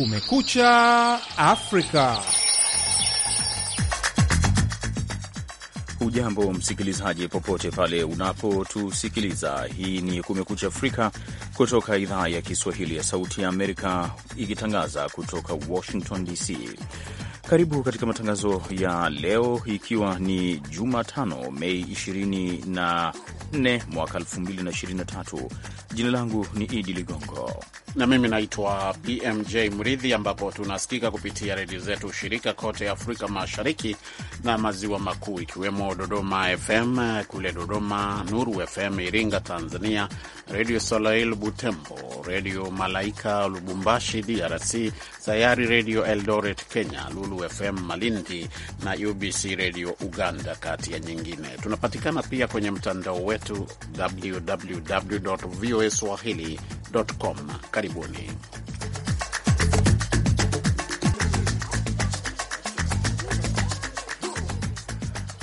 Kumekucha Afrika. Ujambo msikilizaji, popote pale unapotusikiliza. Hii ni Kumekucha Afrika kutoka idhaa ya Kiswahili ya Sauti ya Amerika, ikitangaza kutoka Washington DC. Karibu katika matangazo ya leo, ikiwa ni Jumatano Mei 24 mwaka 2023. Jina langu ni Idi Ligongo na mimi naitwa BMJ Mridhi, ambapo tunasikika kupitia redio zetu shirika kote Afrika Mashariki na Maziwa Makuu, ikiwemo Dodoma FM kule Dodoma, Nuru FM Iringa Tanzania, Redio Solail Butembo, Redio Malaika Lubumbashi DRC, Sayari Redio Eldoret Kenya, Lulu FM Malindi na UBC Redio Uganda, kati ya nyingine. Tunapatikana pia kwenye mtandao wetu www voa swahili com. Karibuni.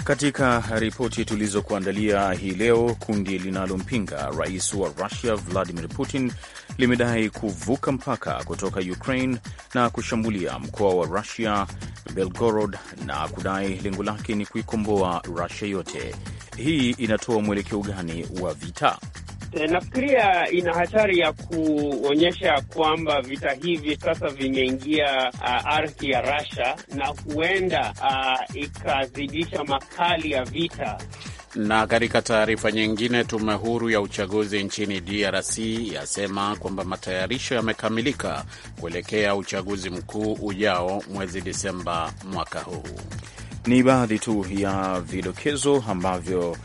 Katika ripoti tulizokuandalia hii leo, kundi linalompinga rais wa Russia Vladimir Putin limedai kuvuka mpaka kutoka Ukraine na kushambulia mkoa wa Russia Belgorod na kudai lengo lake ni kuikomboa Rusia yote. Hii inatoa mwelekeo gani wa vita? Eh, nafikiria ina hatari ya kuonyesha kwamba vita hivi sasa vimeingia uh, ardhi ya Russia na huenda uh, ikazidisha makali ya vita. Na katika taarifa nyingine, tume huru ya uchaguzi nchini DRC yasema kwamba matayarisho yamekamilika kuelekea uchaguzi mkuu ujao mwezi Disemba mwaka huu. Ni baadhi tu ya vidokezo ambavyo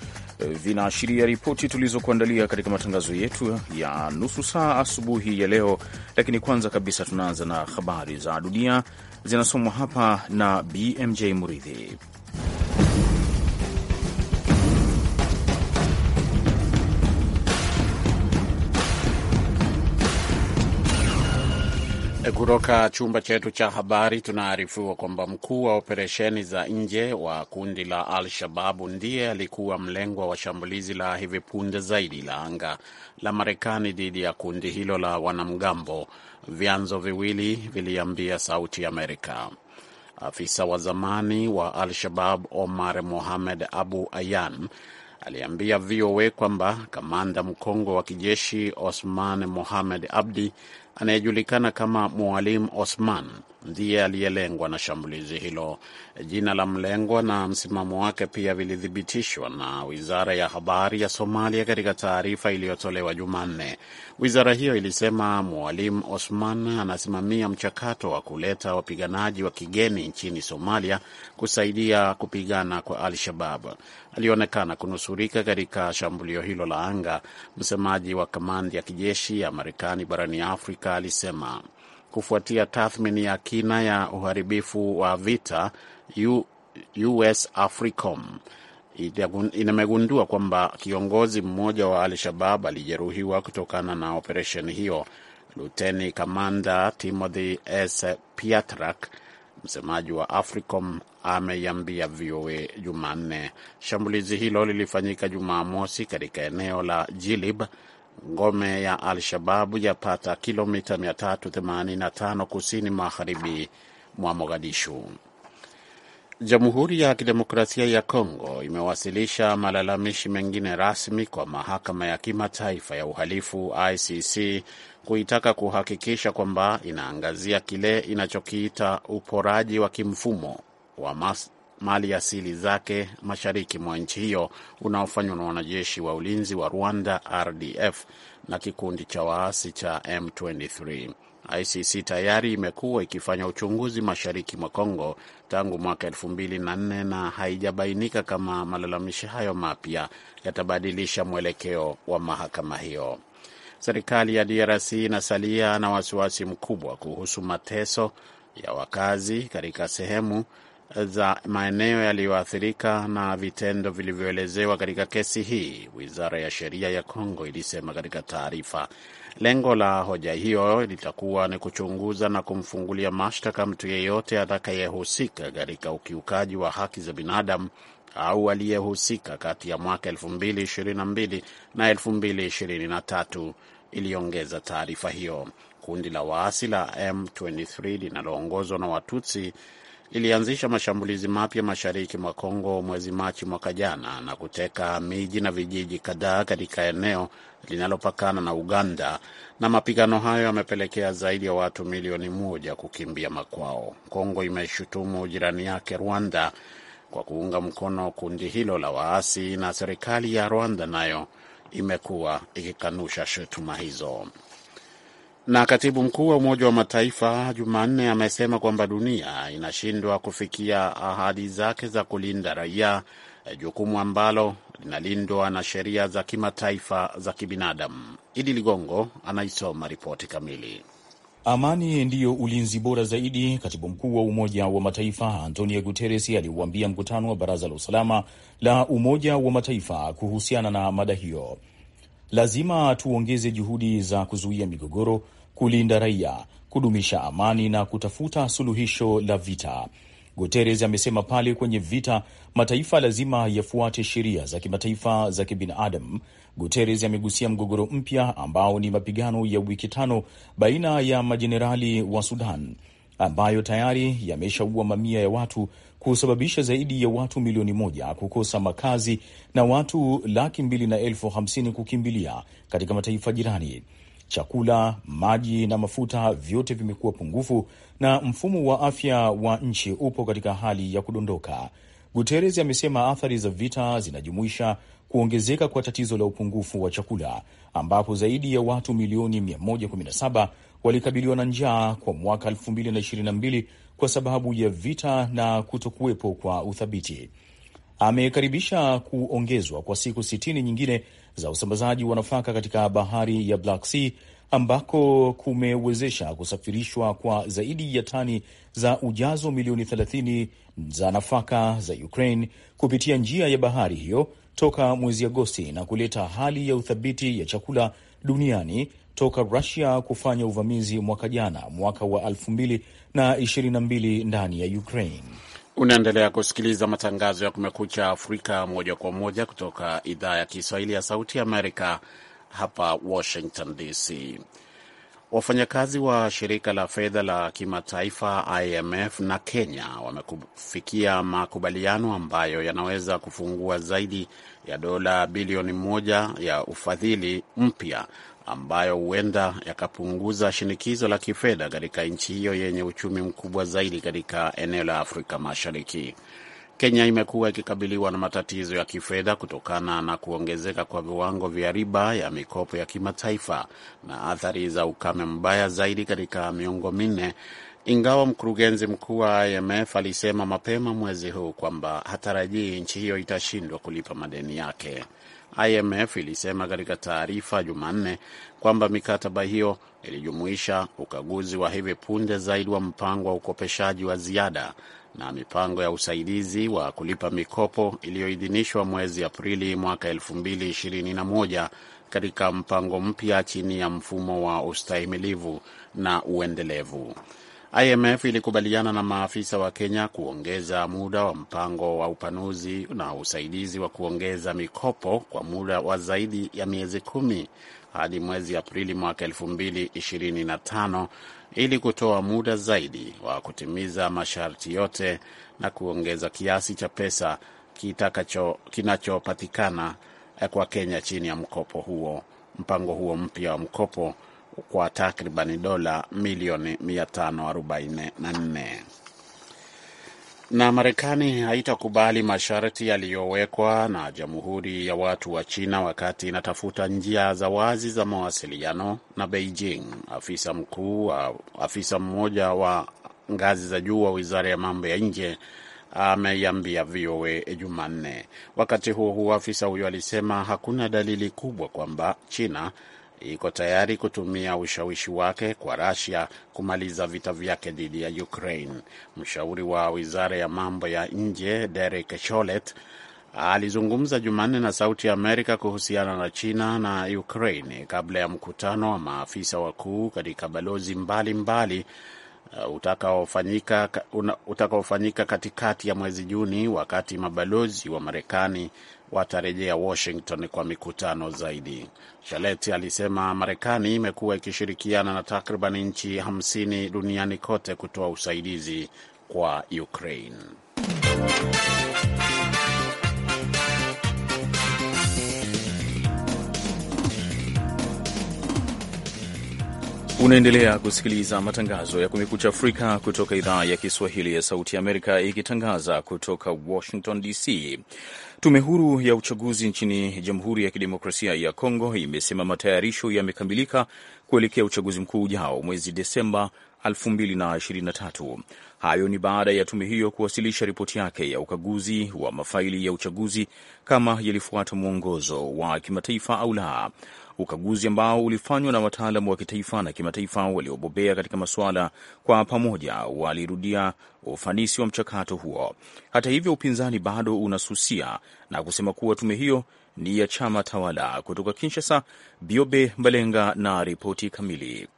Eh, vinaashiria ripoti tulizokuandalia katika matangazo yetu ya nusu saa asubuhi ya leo. Lakini kwanza kabisa tunaanza na habari za dunia zinasomwa hapa na BMJ Muridhi. Kutoka chumba chetu cha habari tunaarifiwa kwamba mkuu wa operesheni za nje wa kundi la Al Shababu ndiye alikuwa mlengwa wa shambulizi la hivi punde zaidi la anga la Marekani dhidi ya kundi hilo la wanamgambo, vyanzo viwili viliambia Sauti Amerika. Afisa wa zamani wa Al Shabab Omar Mohamed Abu Ayan aliambia VOA kwamba kamanda mkongwe wa kijeshi Osman Mohamed Abdi anayejulikana kama Mwalimu Osman ndiye aliyelengwa na shambulizi hilo. Jina la mlengwa na msimamo wake pia vilithibitishwa na wizara ya habari ya Somalia katika taarifa iliyotolewa Jumanne. Wizara hiyo ilisema Mwalim Osman anasimamia mchakato wa kuleta wapiganaji wa kigeni nchini Somalia kusaidia kupigana kwa Al-Shabab. Alionekana kunusurika katika shambulio hilo la anga, msemaji wa kamandi ya kijeshi ya Marekani barani Afrika alisema kufuatia tathmini ya kina ya uharibifu wa vita US Africom imegundua kwamba kiongozi mmoja wa Al Shabab alijeruhiwa kutokana na operesheni hiyo. Luteni Kamanda Timothy S Piatrak, msemaji wa Africom, ameiambia VOA Jumanne shambulizi hilo lilifanyika Jumamosi katika eneo la Jilib ngome ya Al-Shababu yapata kilomita 385 kusini magharibi mwa Mogadishu. Jamhuri ya Kidemokrasia ya Kongo imewasilisha malalamishi mengine rasmi kwa Mahakama ya Kimataifa ya Uhalifu ICC kuitaka kuhakikisha kwamba inaangazia kile inachokiita uporaji wa kimfumo wa mas mali asili zake mashariki mwa nchi hiyo unaofanywa na wanajeshi wa ulinzi wa Rwanda RDF na kikundi cha waasi cha M23. ICC tayari imekuwa ikifanya uchunguzi mashariki mwa Kongo tangu mwaka 2004 na haijabainika kama malalamishi hayo mapya yatabadilisha mwelekeo wa mahakama hiyo. Serikali ya DRC inasalia na wasiwasi mkubwa kuhusu mateso ya wakazi katika sehemu za maeneo yaliyoathirika na vitendo vilivyoelezewa katika kesi hii, wizara ya sheria ya Kongo ilisema katika taarifa. Lengo la hoja hiyo litakuwa ni kuchunguza na kumfungulia mashtaka mtu yeyote atakayehusika katika ukiukaji wa haki za binadamu au aliyehusika kati ya mwaka 2022 na 2023, iliongeza taarifa hiyo. Kundi la waasi la M23 linaloongozwa na Watutsi ilianzisha mashambulizi mapya mashariki mwa Kongo mwezi Machi mwaka jana na kuteka miji na vijiji kadhaa katika eneo linalopakana na Uganda, na mapigano hayo yamepelekea zaidi ya watu milioni moja kukimbia makwao. Kongo imeshutumu jirani yake Rwanda kwa kuunga mkono kundi hilo la waasi, na serikali ya Rwanda nayo imekuwa ikikanusha shutuma hizo. Na katibu mkuu wa Umoja wa Mataifa Jumanne amesema kwamba dunia inashindwa kufikia ahadi zake za kulinda raia, jukumu ambalo linalindwa na sheria za kimataifa za kibinadamu. Idi Ligongo anaisoma ripoti kamili. Amani ndiyo ulinzi bora zaidi, katibu mkuu wa Umoja wa Mataifa Antonio Guterres aliuambia mkutano wa Baraza la Usalama la Umoja wa Mataifa kuhusiana na mada hiyo. Lazima tuongeze juhudi za kuzuia migogoro, kulinda raia, kudumisha amani na kutafuta suluhisho la vita. Guterres amesema pale kwenye vita mataifa lazima yafuate sheria za kimataifa za kibinadamu. Guterres amegusia mgogoro mpya ambao ni mapigano ya wiki tano baina ya majenerali wa Sudan ambayo tayari yameshaua mamia ya watu kusababisha zaidi ya watu milioni moja kukosa makazi na watu laki mbili na elfu hamsini kukimbilia katika mataifa jirani. Chakula, maji na mafuta vyote vimekuwa pungufu na mfumo wa afya wa nchi upo katika hali ya kudondoka. Guterres amesema athari za vita zinajumuisha kuongezeka kwa tatizo la upungufu wa chakula ambapo zaidi ya watu milioni 117 walikabiliwa na njaa kwa mwaka kwa sababu ya vita na kutokuwepo kwa uthabiti. Amekaribisha kuongezwa kwa siku sitini nyingine za usambazaji wa nafaka katika bahari ya Black Sea ambako kumewezesha kusafirishwa kwa zaidi ya tani za ujazo milioni 30 za nafaka za Ukraine kupitia njia ya bahari hiyo toka mwezi Agosti na kuleta hali ya uthabiti ya chakula duniani toka Rusia kufanya uvamizi mwaka jana, mwaka wa 222 ndani ya Ukraine. Unaendelea kusikiliza matangazo ya Kumekucha Afrika moja kwa moja kutoka idhaa ya Kiswahili ya Sauti Amerika, hapa Washington DC. Wafanyakazi wa shirika la fedha la kimataifa IMF na Kenya wamefikia makubaliano ambayo yanaweza kufungua zaidi ya dola bilioni moja ya ufadhili mpya ambayo huenda yakapunguza shinikizo la kifedha katika nchi hiyo yenye uchumi mkubwa zaidi katika eneo la Afrika Mashariki. Kenya imekuwa ikikabiliwa na matatizo ya kifedha kutokana na kuongezeka kwa viwango vya riba ya mikopo ya kimataifa na athari za ukame mbaya zaidi katika miongo minne, ingawa mkurugenzi mkuu wa IMF alisema mapema mwezi huu kwamba hatarajii nchi hiyo itashindwa kulipa madeni yake. IMF ilisema katika taarifa Jumanne kwamba mikataba hiyo ilijumuisha ukaguzi wa hivi punde zaidi wa mpango wa ukopeshaji wa ziada na mipango ya usaidizi wa kulipa mikopo iliyoidhinishwa mwezi Aprili mwaka 2021 katika mpango mpya chini ya mfumo wa ustahimilivu na uendelevu. IMF ilikubaliana na maafisa wa Kenya kuongeza muda wa mpango wa upanuzi na usaidizi wa kuongeza mikopo kwa muda wa zaidi ya miezi kumi hadi mwezi Aprili mwaka 2025 ili kutoa muda zaidi wa kutimiza masharti yote na kuongeza kiasi cha pesa kinachopatikana kwa Kenya chini ya mkopo huo, mpango huo mpya wa mkopo kwa takriban dola milioni 544. Na Marekani haitakubali masharti yaliyowekwa na Jamhuri ya Watu wa China wakati inatafuta njia za wazi za mawasiliano na Beijing. Afisa mkuu, afisa mmoja wa ngazi za juu wa Wizara ya Mambo ya Nje ameiambia VOA Jumanne. Wakati huo huo, afisa huyo alisema hakuna dalili kubwa kwamba China iko tayari kutumia ushawishi wake kwa Russia kumaliza vita vyake dhidi ya Ukraine. Mshauri wa wizara ya mambo ya nje Derek Chollet alizungumza Jumanne na Sauti ya Amerika kuhusiana na China na Ukraine kabla ya mkutano wa maafisa wakuu katika balozi mbalimbali uh, utakaofanyika utakaofanyika katikati ya mwezi Juni, wakati mabalozi wa Marekani watarejea Washington kwa mikutano zaidi. Shaleti alisema Marekani imekuwa ikishirikiana na takriban nchi 50 duniani kote kutoa usaidizi kwa Ukraine. Unaendelea kusikiliza matangazo ya Kumekucha Afrika kutoka idhaa ya Kiswahili ya Sauti Amerika, ikitangaza kutoka Washington DC. Tume huru ya uchaguzi nchini Jamhuri ya Kidemokrasia ya Kongo imesema matayarisho yamekamilika kuelekea uchaguzi mkuu ujao mwezi Desemba 2023. Hayo ni baada ya tume hiyo kuwasilisha ripoti yake ya ukaguzi wa mafaili ya uchaguzi kama yalifuata mwongozo wa kimataifa au la ukaguzi ambao ulifanywa na wataalamu wa kitaifa na kimataifa waliobobea katika masuala, kwa pamoja walirudia ufanisi wa mchakato huo. Hata hivyo, upinzani bado unasusia na kusema kuwa tume hiyo ni ya chama tawala. Kutoka Kinshasa, Biobe Mbalenga na ripoti kamili.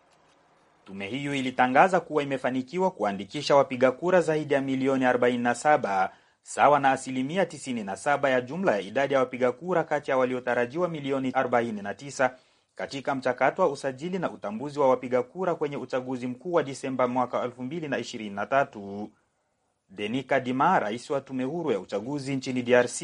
Tume hiyo ilitangaza kuwa imefanikiwa kuandikisha wapiga kura zaidi ya milioni 47 sawa na asilimia 97 ya jumla ya idadi ya wapiga kura kati ya waliotarajiwa milioni 49 katika mchakato wa usajili na utambuzi wa wapiga kura kwenye uchaguzi mkuu wa Disemba mwaka 2023. Denika Dima, rais wa tume huru ya uchaguzi nchini DRC,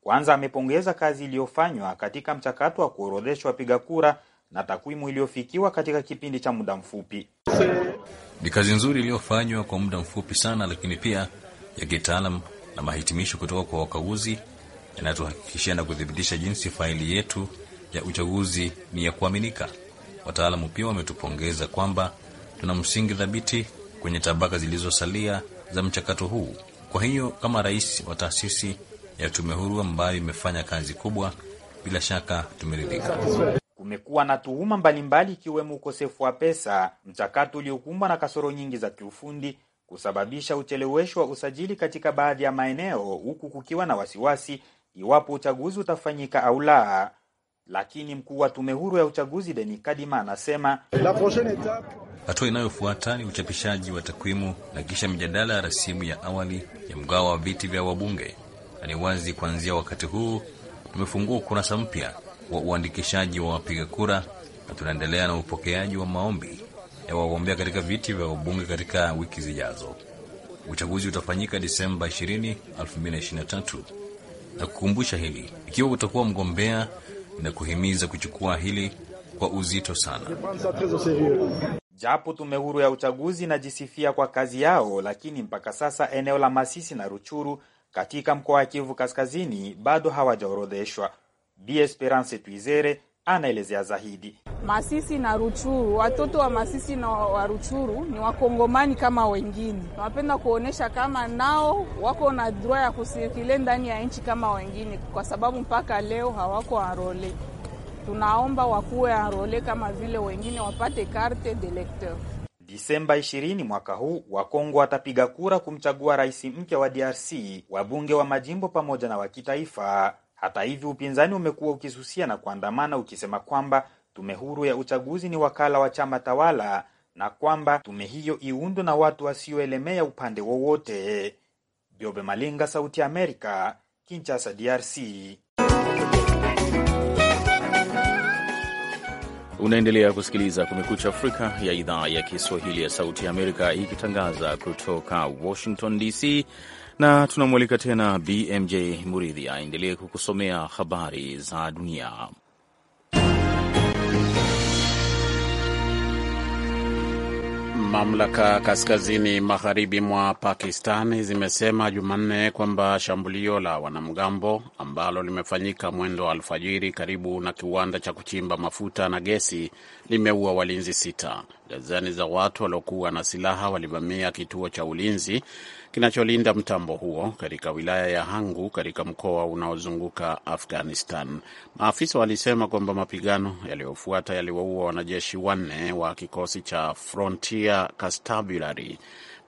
kwanza amepongeza kazi iliyofanywa katika mchakato wa kuorodhesha wapiga kura na takwimu iliyofikiwa katika kipindi cha muda mfupi. Ni kazi nzuri iliyofanywa kwa muda mfupi sana, lakini pia ya kitaalam na mahitimisho kutoka kwa wakaguzi yanatuhakikishia na kuthibitisha jinsi faili yetu ya uchaguzi ni ya kuaminika. Wataalamu pia wametupongeza kwamba tuna msingi thabiti kwenye tabaka zilizosalia za mchakato huu. Kwa hiyo kama rais wa taasisi ya tume huru ambayo imefanya kazi kubwa, bila shaka tumeridhika. Kumekuwa na tuhuma mbalimbali ikiwemo ukosefu wa pesa, mchakato uliokumbwa na kasoro nyingi za kiufundi kusababisha uchelewesho wa usajili katika baadhi ya maeneo, huku kukiwa na wasiwasi iwapo uchaguzi utafanyika au la. Lakini mkuu wa tume huru ya uchaguzi Deni Kadima anasema hatua inayofuata ni uchapishaji wa takwimu na kisha mijadala ya rasimu ya awali ya mgawo wa viti vya wabunge, na ni wazi kuanzia wakati huu tumefungua ukurasa mpya wa uandikishaji wa wapiga kura na tunaendelea na upokeaji wa maombi ya wagombea katika viti vya ubunge katika wiki zijazo. Uchaguzi utafanyika Disemba 20, 2023. Na kukumbusha hili ikiwa utakuwa mgombea na kuhimiza kuchukua hili kwa uzito sana. Japo tume huru ya uchaguzi inajisifia kwa kazi yao, lakini mpaka sasa eneo la Masisi na Ruchuru katika mkoa wa Kivu Kaskazini bado hawajaorodheshwa. Bi Esperance Twizere anaelezea zaidi. Masisi na Ruchuru, watoto wa Masisi na wa Ruchuru ni wakongomani kama wengine, Tunapenda kuonyesha kama nao wako na droa ya kusirikile ndani ya nchi kama wengine, kwa sababu mpaka leo hawako arole. Tunaomba wakuwe arole kama vile wengine, wapate karte de lecteur. Disemba 20 mwaka huu Wakongo watapiga kura kumchagua rais mpya wa DRC, wabunge wa majimbo pamoja na wa kitaifa. Hata hivyo, upinzani umekuwa ukisusia na kuandamana ukisema kwamba tume huru ya uchaguzi ni wakala wa chama tawala na kwamba tume hiyo iundwe na watu wasioelemea upande wowote. Jobe Malinga, Sauti ya Amerika, Kinshasa, DRC. Unaendelea kusikiliza Kumekucha Afrika ya idhaa ya Kiswahili ya Sauti ya Amerika ikitangaza kutoka Washington DC na tunamwalika tena BMJ Muridhi aendelee kukusomea habari za dunia. Mamlaka kaskazini magharibi mwa Pakistani zimesema Jumanne kwamba shambulio la wanamgambo ambalo limefanyika mwendo wa alfajiri karibu na kiwanda cha kuchimba mafuta na gesi limeua walinzi sita. Dazeni za watu waliokuwa na silaha walivamia kituo cha ulinzi kinacholinda mtambo huo katika wilaya ya Hangu katika mkoa unaozunguka Afghanistan. Maafisa walisema kwamba mapigano yaliyofuata yaliwaua wanajeshi wanne wa kikosi cha Frontier Constabulary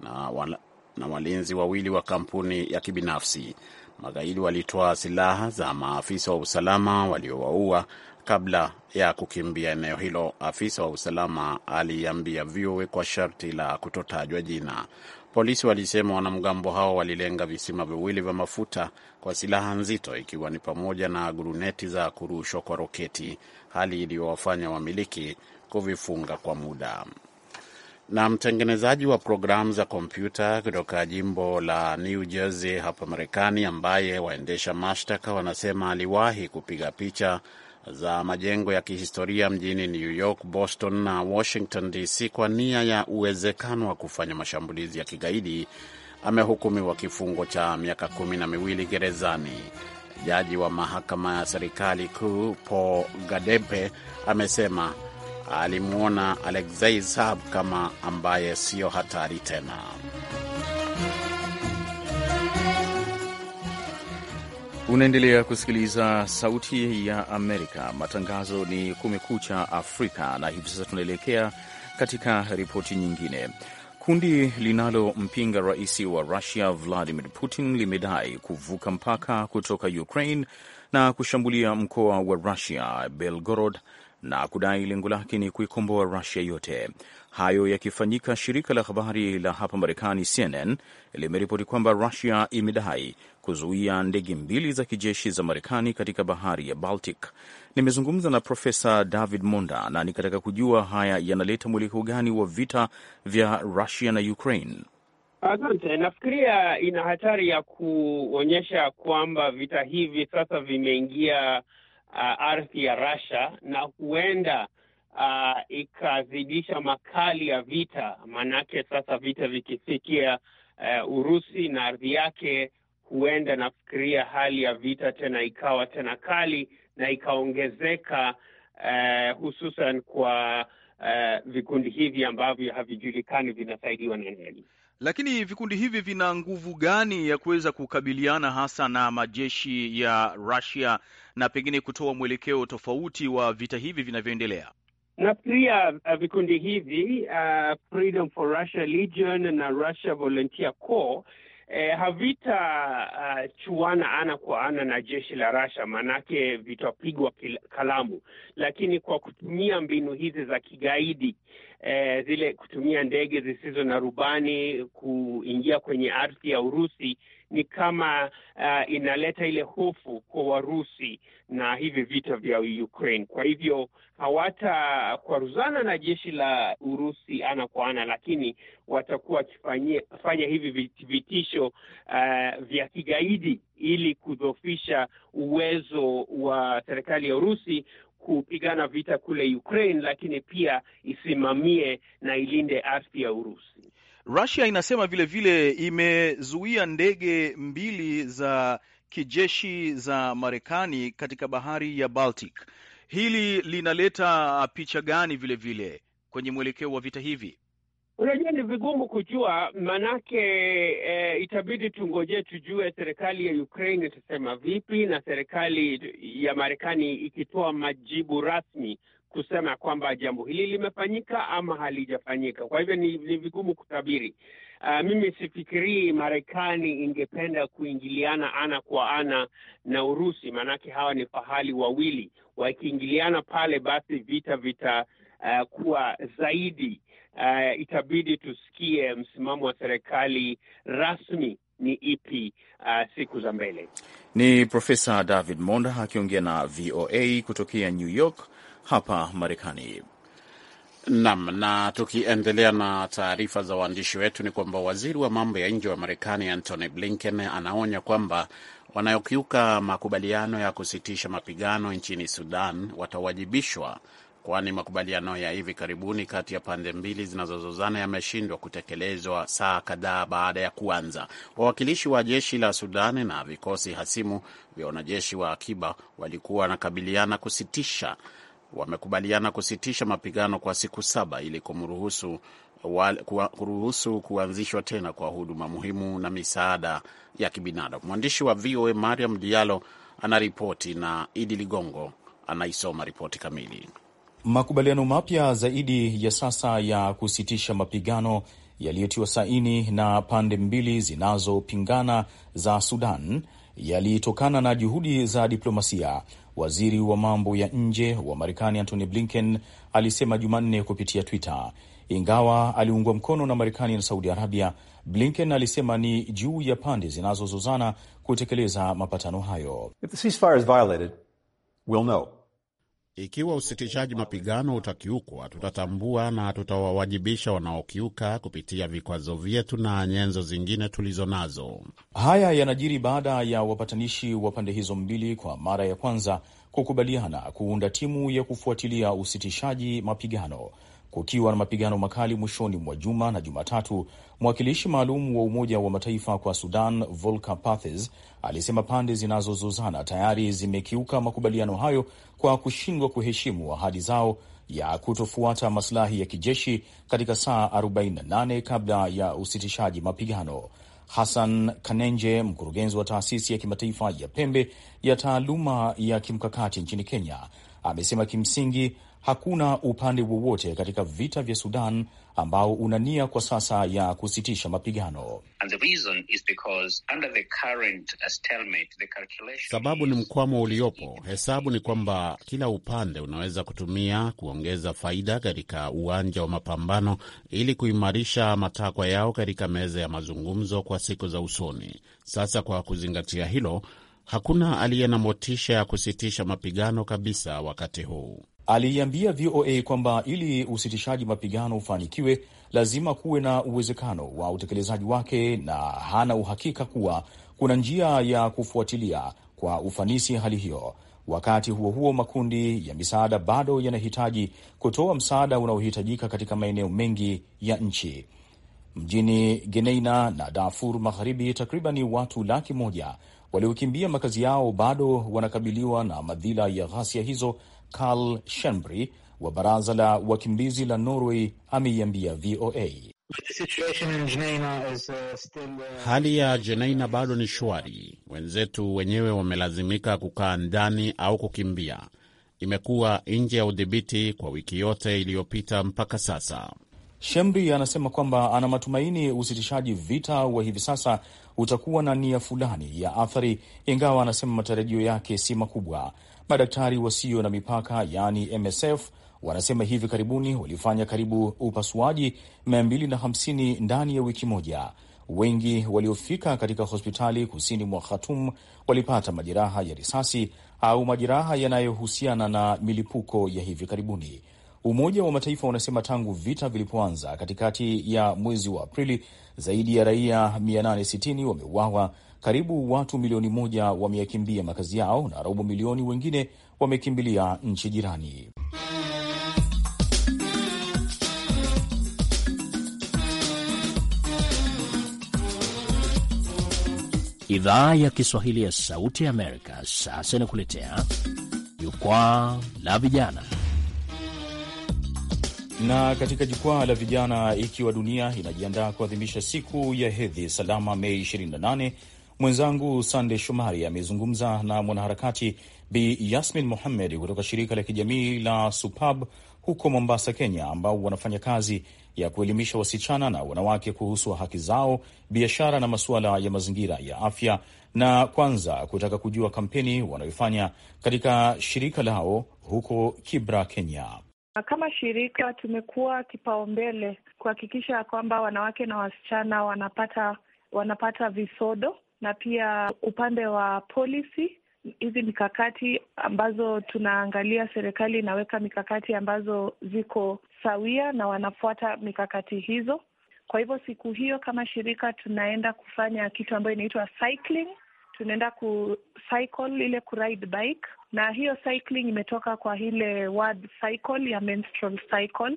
na, na walinzi wawili wa kampuni ya kibinafsi. Magaidi walitoa silaha za maafisa wa usalama waliowaua kabla ya kukimbia eneo hilo, afisa wa usalama aliambia VOA kwa sharti la kutotajwa jina. Polisi walisema wanamgambo hao walilenga visima viwili vya mafuta kwa silaha nzito, ikiwa ni pamoja na guruneti za kurushwa kwa roketi, hali iliyowafanya wamiliki kuvifunga kwa muda. Na mtengenezaji wa programu za kompyuta kutoka jimbo la New Jersey hapa Marekani, ambaye waendesha mashtaka wanasema aliwahi kupiga picha za majengo ya kihistoria mjini New York, Boston na Washington DC kwa nia ya uwezekano wa kufanya mashambulizi ya kigaidi amehukumiwa kifungo cha miaka kumi na miwili gerezani. Jaji wa mahakama ya serikali kuu Paul Gadepe amesema alimwona Alexei Saab kama ambaye siyo hatari tena. Unaendelea kusikiliza Sauti ya Amerika, matangazo ni Kumekucha Afrika, na hivi sasa tunaelekea katika ripoti nyingine. Kundi linalompinga rais wa Rusia Vladimir Putin limedai kuvuka mpaka kutoka Ukraine na kushambulia mkoa wa Rusia Belgorod na kudai lengo lake ni kuikomboa Rusia yote. Hayo yakifanyika, shirika la habari la hapa Marekani CNN limeripoti kwamba Rusia imedai kuzuia ndege mbili za kijeshi za Marekani katika bahari ya Baltic. Nimezungumza na Profesa David Monda na nikataka kujua haya yanaleta mwelekeo gani wa vita vya Rusia na Ukraine. Asante. Nafikiria ina hatari ya kuonyesha kwamba vita hivi sasa vimeingia uh, ardhi ya Russia na huenda uh, ikazidisha makali ya vita, maanake sasa vita vikifikia uh, Urusi na ardhi yake huenda nafikiria hali ya vita tena ikawa tena kali na ikaongezeka, uh, hususan kwa uh, vikundi hivi ambavyo havijulikani vinasaidiwa na nani. Lakini vikundi hivi vina nguvu gani ya kuweza kukabiliana hasa na majeshi ya Russia na pengine kutoa mwelekeo tofauti wa vita hivi vinavyoendelea? Nafikiria uh, vikundi hivi uh, Freedom for Russia Legion na Russia Volunteer Corps eh, havita uh, ana kwa ana na jeshi la Rasha, maanake vitapigwa kalamu, lakini kwa kutumia mbinu hizi za kigaidi eh, zile kutumia ndege zisizo na rubani kuingia kwenye ardhi ya Urusi ni kama uh, inaleta ile hofu kwa Warusi na hivi vita vya Ukraine. Kwa hivyo hawatakwaruzana na jeshi la Urusi ana kwa ana, lakini watakuwa wakifanya hivi vitisho uh, vya kigaidi ili kudhoofisha uwezo wa serikali ya Urusi kupigana vita kule Ukraine, lakini pia isimamie na ilinde ardhi ya Urusi. Russia inasema vilevile imezuia ndege mbili za kijeshi za Marekani katika bahari ya Baltic. Hili linaleta picha gani vilevile vile kwenye mwelekeo wa vita hivi? Unajua, ni vigumu kujua manake, e, itabidi tungojee tujue serikali ya Ukraine itasema vipi na serikali ya Marekani ikitoa majibu rasmi kusema kwamba jambo hili limefanyika ama halijafanyika. Kwa hivyo ni, ni vigumu kutabiri. Uh, mimi sifikirii Marekani ingependa kuingiliana ana kwa ana na Urusi, maanake hawa ni fahali wawili. Wakiingiliana pale, basi vita vitakuwa ah, uh, zaidi uh, itabidi tusikie msimamo wa serikali rasmi ni ipi uh, siku za mbele. Ni Profesa David Monda akiongea na VOA kutokea New York hapa Marekani. Nam na tukiendelea na taarifa za waandishi wetu ni kwamba waziri wa mambo ya nje wa Marekani Antony Blinken anaonya kwamba wanaokiuka makubaliano ya kusitisha mapigano nchini Sudan watawajibishwa, kwani makubaliano ya hivi karibuni kati ya pande mbili zinazozozana yameshindwa kutekelezwa saa kadhaa baada ya kuanza. Wawakilishi wa jeshi la Sudani na vikosi hasimu vya wanajeshi wa akiba walikuwa wanakabiliana kusitisha wamekubaliana kusitisha mapigano kwa siku saba ili kumruhusu kuruhusu kuanzishwa tena kwa huduma muhimu na misaada ya kibinadamu. Mwandishi wa VOA Mariam Diallo anaripoti na Idi Ligongo anaisoma ripoti kamili. Makubaliano mapya zaidi ya sasa ya kusitisha mapigano yaliyotiwa saini na pande mbili zinazopingana za Sudan yalitokana na juhudi za diplomasia. Waziri wa mambo ya nje wa Marekani Antony Blinken alisema Jumanne kupitia Twitter. Ingawa aliungwa mkono na Marekani na Saudi Arabia, Blinken alisema ni juu ya pande zinazozozana kutekeleza mapatano hayo. If the ceasefire is violated, we'll know. Ikiwa usitishaji mapigano utakiukwa, tutatambua na tutawawajibisha wanaokiuka kupitia vikwazo vyetu na nyenzo zingine tulizo nazo. Haya yanajiri baada ya wapatanishi wa pande hizo mbili kwa mara ya kwanza kukubaliana kuunda timu ya kufuatilia usitishaji mapigano kukiwa na mapigano makali mwishoni mwa juma na Jumatatu, mwakilishi maalum wa Umoja wa Mataifa kwa Sudan Volker Perthes alisema pande zinazozozana tayari zimekiuka makubaliano hayo kwa kushindwa kuheshimu ahadi zao ya kutofuata masilahi ya kijeshi katika saa 48 kabla ya usitishaji mapigano. Hassan Kanenje, mkurugenzi wa taasisi ya kimataifa ya pembe ya taaluma ya kimkakati nchini Kenya, amesema kimsingi hakuna upande wowote katika vita vya Sudan ambao una nia kwa sasa ya kusitisha mapigano. Uh, Sababu ni mkwamo uliopo. Hesabu ni kwamba kila upande unaweza kutumia kuongeza faida katika uwanja wa mapambano ili kuimarisha matakwa yao katika meza ya mazungumzo kwa siku za usoni. Sasa kwa kuzingatia hilo, hakuna aliye na motisha ya kusitisha mapigano kabisa wakati huu aliiambia VOA kwamba ili usitishaji mapigano ufanikiwe, lazima kuwe na uwezekano wa utekelezaji wake, na hana uhakika kuwa kuna njia ya kufuatilia kwa ufanisi hali hiyo. Wakati huo huo, makundi ya misaada bado yanahitaji kutoa msaada unaohitajika katika maeneo mengi ya nchi. Mjini Geneina na Darfur Magharibi, takribani watu laki moja waliokimbia makazi yao bado wanakabiliwa na madhila ya ghasia hizo Karl Shenbri wa baraza la wakimbizi la Norway ameiambia VOA hali ya Jenaina bado ni shwari. Wenzetu wenyewe wamelazimika kukaa ndani au kukimbia. Imekuwa nje ya udhibiti kwa wiki yote iliyopita mpaka sasa. Shemri anasema kwamba ana matumaini usitishaji vita wa hivi sasa utakuwa na nia fulani ya athari, ingawa anasema matarajio yake si makubwa. Madaktari wasio na mipaka yaani MSF wanasema hivi karibuni walifanya karibu upasuaji 250 ndani ya wiki moja. Wengi waliofika katika hospitali kusini mwa Khartoum walipata majeraha ya risasi au majeraha yanayohusiana na milipuko ya hivi karibuni. Umoja wa Mataifa unasema tangu vita vilipoanza katikati ya mwezi wa Aprili, zaidi ya raia 860 wameuawa karibu watu milioni moja wameyakimbia makazi yao na robo milioni wengine wamekimbilia nchi jirani. Idhaa ya Kiswahili ya Sauti ya Amerika sasa inakuletea Jukwaa la Vijana, na katika Jukwaa la Vijana, ikiwa dunia inajiandaa kuadhimisha siku ya hedhi salama Mei 28 Mwenzangu Sande Shomari amezungumza na mwanaharakati Bi Yasmin muhammed kutoka shirika la kijamii la Supab huko Mombasa, Kenya, ambao wanafanya kazi ya kuelimisha wasichana na wanawake kuhusu haki zao, biashara na masuala ya mazingira ya afya, na kwanza kutaka kujua kampeni wanayofanya katika shirika lao huko Kibra, Kenya. Kama shirika tumekuwa kipaumbele kuhakikisha kwamba wanawake na wasichana wanapata wanapata visodo na pia upande wa policy hizi mikakati ambazo tunaangalia, serikali inaweka mikakati ambazo ziko sawia na wanafuata mikakati hizo. Kwa hivyo siku hiyo kama shirika tunaenda kufanya kitu ambayo inaitwa cycling. Tunaenda ku cycle ile ku ride bike, na hiyo cycling imetoka kwa ile word cycle ya menstrual cycle,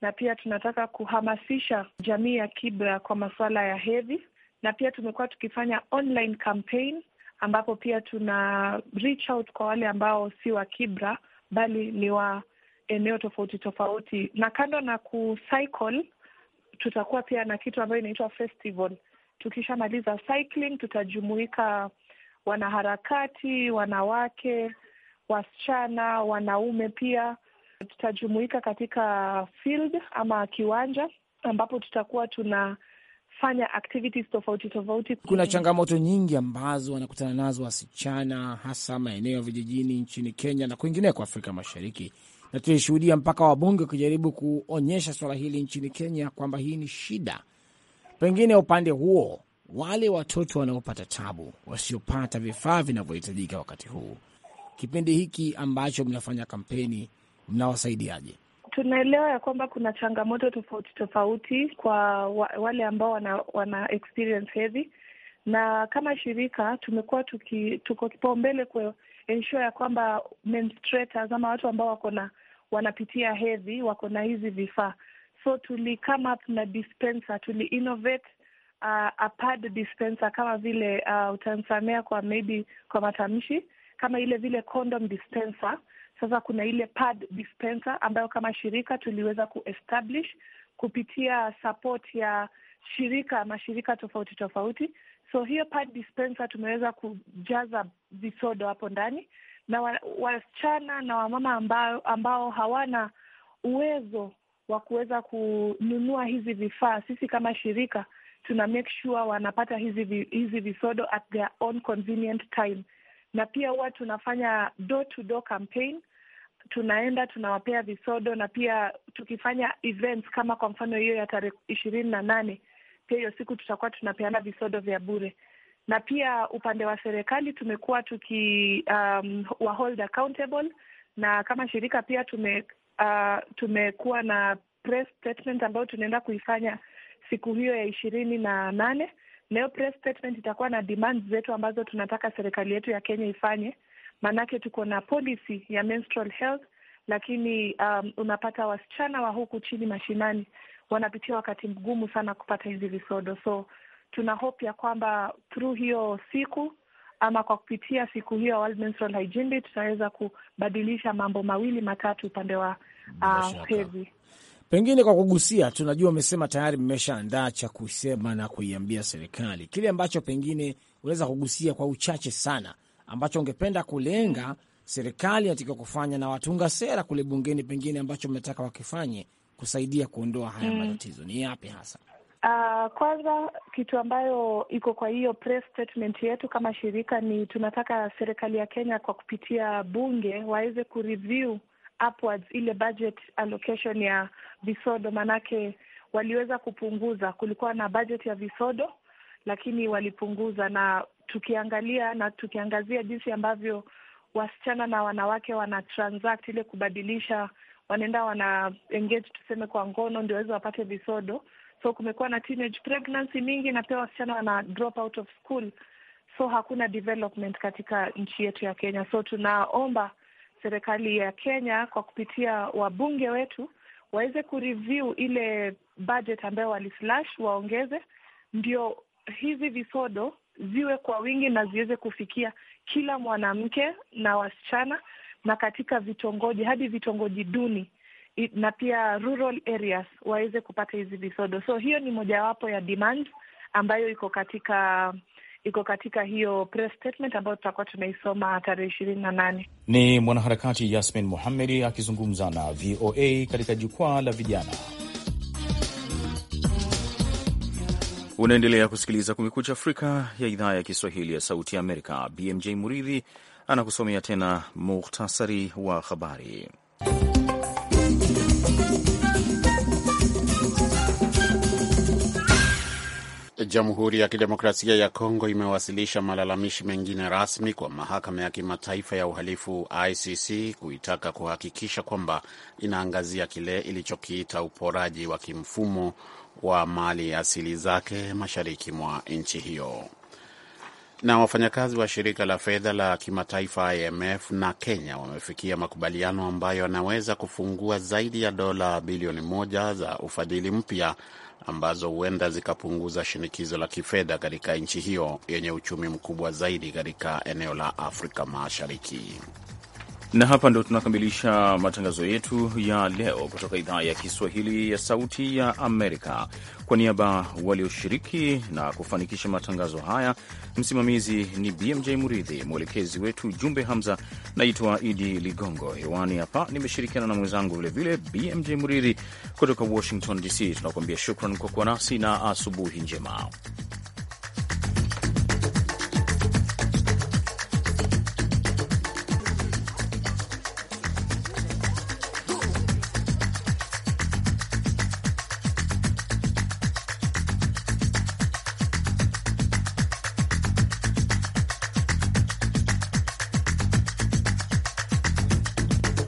na pia tunataka kuhamasisha jamii ya Kibra kwa masuala ya hedhi na pia tumekuwa tukifanya online campaign ambapo pia tuna reach out kwa wale ambao si wa Kibra bali ni wa eneo tofauti tofauti, na kando na cycle, tutakuwa pia na kitu ambayo inaitwa festival. Tukishamaliza cycling, tutajumuika wanaharakati, wanawake, wasichana, wanaume pia tutajumuika katika field ama kiwanja ambapo tutakuwa tuna kufanya activities tofauti tofauti. Kuna changamoto nyingi ambazo wanakutana nazo wasichana, hasa maeneo ya vijijini nchini Kenya na kwingineko Afrika Mashariki, na tulishuhudia mpaka wabunge wakijaribu kuonyesha swala hili nchini Kenya kwamba hii ni shida. Pengine upande huo, wale watoto wanaopata tabu, wasiopata vifaa vinavyohitajika wakati huu, kipindi hiki ambacho mnafanya kampeni, mnawasaidiaje? tunaelewa ya kwamba kuna changamoto tofauti tofauti kwa wale ambao wana, wana experience hedhi na kama shirika tumekuwa tuki, tuko kipaumbele kwa ensure ya kwamba menstruators ama watu ambao wako na wanapitia hedhi wako na hizi vifaa, so tuli come up na dispenser, tuli innovate uh, a pad dispenser kama vile uh, utanisamea kwa maybe kwa matamshi kama ile vile condom dispenser sasa kuna ile pad dispenser ambayo kama shirika tuliweza kuestablish kupitia support ya shirika mashirika tofauti tofauti. So hiyo pad dispenser tumeweza kujaza visodo hapo ndani, na wasichana wa na wamama ambao, ambao hawana uwezo wa kuweza kununua hizi vifaa, sisi kama shirika tuna make sure wanapata hizi hizi visodo at their own convenient time, na pia huwa tunafanya door to door campaign tunaenda tunawapea visodo, na pia tukifanya events kama kwa mfano hiyo ya tarehe ishirini na nane pia hiyo siku tutakuwa tunapeana visodo vya bure na pia upande wa serikali tumekuwa tuki um, wa hold accountable na kama shirika pia tume, uh, tumekuwa na press statement ambayo tunaenda kuifanya siku hiyo ya ishirini na nane na hiyo press statement itakuwa na demands zetu ambazo tunataka serikali yetu ya Kenya ifanye maanake tuko na policy ya menstrual health, lakini um, unapata wasichana wa huku chini mashinani wanapitia wakati mgumu sana kupata hizi visodo. So tuna hope ya kwamba through hiyo siku ama kwa kupitia siku hiyo World Menstrual Hygiene tutaweza kubadilisha mambo mawili matatu upande wa uh, hedhi. Pengine kwa kugusia, tunajua umesema tayari mmeshaandaa cha kusema na kuiambia serikali, kile ambacho pengine unaweza kugusia kwa uchache sana ambacho ungependa kulenga serikali katika kufanya na watunga sera kule bungeni, pengine ambacho mmetaka wakifanye kusaidia kuondoa haya mm. matatizo mm, ni yapi hasa? Uh, kwanza kitu ambayo iko kwa hiyo press statement yetu kama shirika ni tunataka serikali ya Kenya kwa kupitia bunge waweze kureview upwards ile budget allocation ya visodo, manake waliweza kupunguza. Kulikuwa na budget ya visodo lakini walipunguza, na tukiangalia na tukiangazia jinsi ambavyo wasichana na wanawake wana transact ile kubadilisha, wanaenda wana engage tuseme kwa ngono ndio waweze wapate visodo. So kumekuwa na teenage pregnancy mingi na pia wasichana wana drop out of school, so hakuna development katika nchi yetu ya Kenya. So tunaomba serikali ya Kenya kwa kupitia wabunge wetu waweze kureview ile budget ambayo walislash, waongeze ndio hizi visodo ziwe kwa wingi na ziweze kufikia kila mwanamke na wasichana, na katika vitongoji hadi vitongoji duni na pia rural areas waweze kupata hizi visodo. So hiyo ni mojawapo ya demand ambayo iko katika iko katika hiyo press statement ambayo tutakuwa tunaisoma tarehe ishirini na nane. Ni mwanaharakati Yasmin Muhamedi akizungumza na VOA katika jukwaa la vijana. Unaendelea kusikiliza Kumekucha Afrika ya idhaa ya Kiswahili ya Sauti ya Amerika. BMJ Muridhi anakusomea tena muhtasari wa habari. Jamhuri ya Kidemokrasia ya Kongo imewasilisha malalamishi mengine rasmi kwa mahakama ya kimataifa ya uhalifu ICC kuitaka kuhakikisha kwamba inaangazia kile ilichokiita uporaji wa kimfumo wa mali asili zake mashariki mwa nchi hiyo. Na wafanyakazi wa shirika la fedha la kimataifa IMF na Kenya wamefikia makubaliano ambayo yanaweza kufungua zaidi ya dola bilioni moja za ufadhili mpya ambazo huenda zikapunguza shinikizo la kifedha katika nchi hiyo yenye uchumi mkubwa zaidi katika eneo la Afrika Mashariki. Na hapa ndo tunakamilisha matangazo yetu ya leo kutoka idhaa ya Kiswahili ya Sauti ya Amerika. Kwa niaba walioshiriki na kufanikisha matangazo haya, msimamizi ni BMJ Muridhi, mwelekezi wetu Jumbe Hamza. Naitwa Idi Ligongo, hewani hapa nimeshirikiana na mwenzangu vilevile BMJ Muridhi kutoka Washington DC. Tunakuambia shukran kwa kuwa nasi na asubuhi njema.